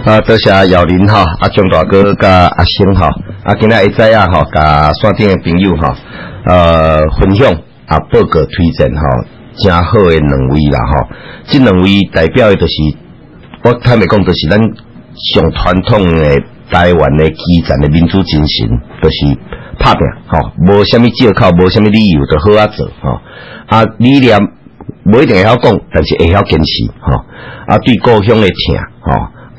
.啊，多謝啊！姚林吼，啊，張大哥加阿星吼，啊，今日一在呀吼，加山頂的朋友吼，呃、啊，分享啊，報告推薦吼，誠、啊、好嘅兩位啦吼，即、啊、兩位代表的著、就是，我他們講著是咱上傳統嘅台灣嘅基層嘅民主精神，著、就是拍拼吼，無蝦米借口，無蝦米理由，著好啊做吼啊，理念無一定會曉講，但是會曉堅持吼啊，啊，對故鄉嘅疼吼。啊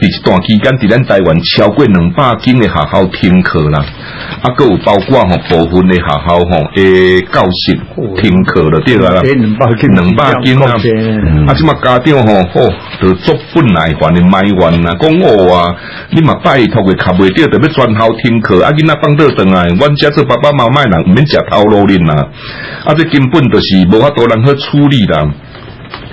一段期間，佇咱台灣超過兩百間嘅學校停課啦，啊，佫有包括吼、喔、部分嘅學校吼教室停課、啊嗯啊喔喔、就對了啦，去兩百間，啊，即嘛家長吼，哦，都做本來還的賣完啦，講屋啊，你嘛拜託嘅卡袂到，特別全校停課，啊，囡仔放得上啊，阮家這爸爸媽媽人唔免食頭路的啊，這根本就是無法處理啦。